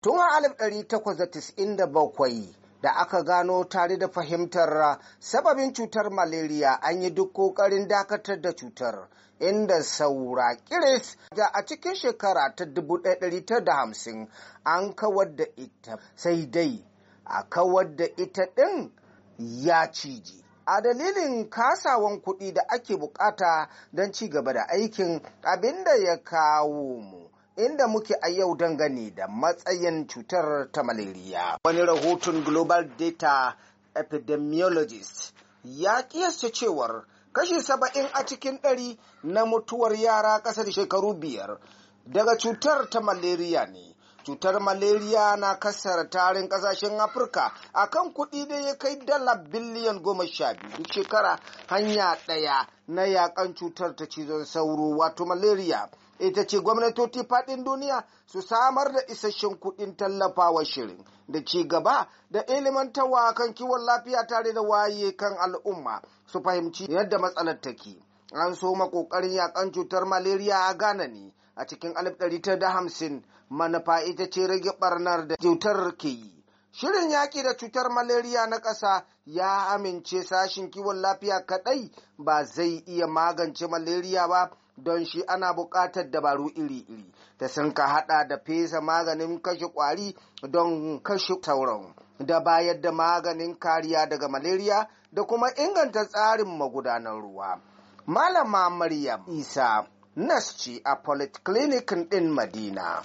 tun a 1897 da aka gano tare da fahimtar sababin cutar malaria an yi duk kokarin dakatar da cutar inda saura kiris da a cikin shekara ta 1950 an kawar da ita sai dai a kawar da ita ɗin ya ciji a dalilin kasawan kuɗi da ake bukata don ci gaba da aikin abinda ya kawo mu inda muke a yau dangane da matsayin cutar ta maleriya. Wani rahoton Global Data Epidemiologist ya kiyasta cewar kashi saba'in a cikin ɗari na mutuwar yara ƙasa da shekaru biyar daga cutar ta maleriya ne. cutar malaria na kasar tarin kasashen afirka akan kuɗi da ya kai dala biliyan goma sha biyu duk shekara hanya ɗaya na yakan cutar ta cizon sauro wato malaria ita ce gwamnatoci faɗin duniya su samar da isasshen kuɗin tallafawa shirin da ci gaba da ilimantarwa kan kiwon lafiya tare da waye kan al'umma su fahimci yadda matsalar take an soma ƙoƙarin yakan cutar malaria a ghana ne a cikin alif ɗari ta hamsin, manufa ita ce rage ɓarnar da cutar ke yi. Shirin yaƙi da cutar malaria na ƙasa ya amince sashin kiwon lafiya kaɗai ba zai iya magance malaria ba don shi ana buƙatar dabaru iri-iri ta sun ka haɗa da fesa maganin kashe ƙwari don kashe sauran da bayar da maganin kariya daga malaria da kuma inganta tsarin magudanar ruwa. Malama Maryam Isa nasci ci a polyclinic din madina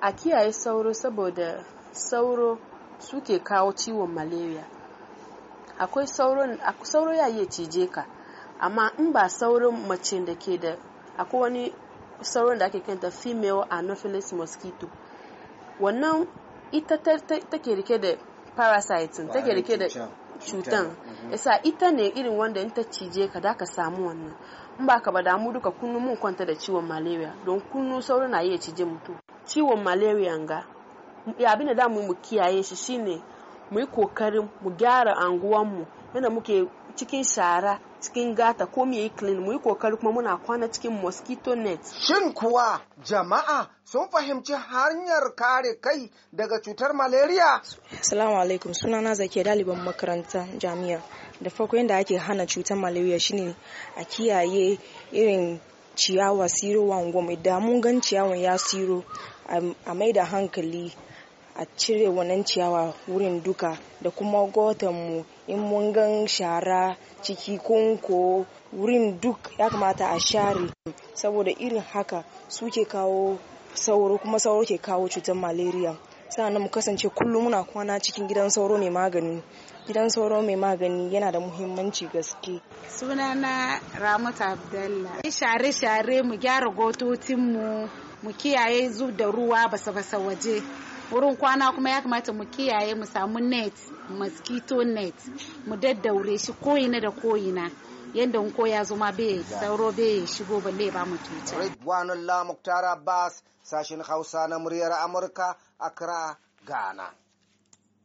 a kiyaye sauro saboda sauro suke kawo ciwon malaria akwai sauro ya iya cije ka amma in ba sauron mace da ke da akwai wani sauron da ake kanta female anopheles mosquito wannan ita take rike da parasite take rike da cutan mhm. yasa ita ne irin wanda in ta cije ka da ka samu wannan in ba ka ba damu duka kunnu mun kwanta da ciwon malaria don kunnu sauro na iya cije mutum ciwon malaria ga abin da damu mu kiyaye shi shine mu yi kokarin mu gyara anguwanmu yana muke cikin shara cikin gata ko mu yi clean mu yi kokari kuma muna kwana cikin mosquito net. Shin kuwa jama'a sun fahimci hanyar kare kai daga cutar malaria? Assalamu alaikum sunana zake daliban makaranta jami'a. Da farko yadda ake hana cutar malaria shine a kiyaye irin ciyawa siro wa idan mun gan ciyawan ya siro a maida hankali a cire wannan ciyawa wurin duka da kuma gotan mu in mun gan shara ciki kunko wurin duk ya kamata a share saboda irin haka suke kawo sauro kuma sauro ke kawo cutar malaria sannan mu kasance kullum muna kwana cikin gidan sauro mai magani gidan sauro mai magani yana da muhimmanci gaske sunana ramatu abdallah share-share mu gyara gototinmu mu kiyaye zub da ruwa basa-basa waje wurin kwana kuma ya kamata mu kiyaye mu samu net mosquito net mu daddaure shi koyina da koyina yadda ko ya zo ma bai sauro bai shigo balle ba mu tuta. Ridwanullah Muktar bas sashin Hausa na muryar Amurka Accra Ghana.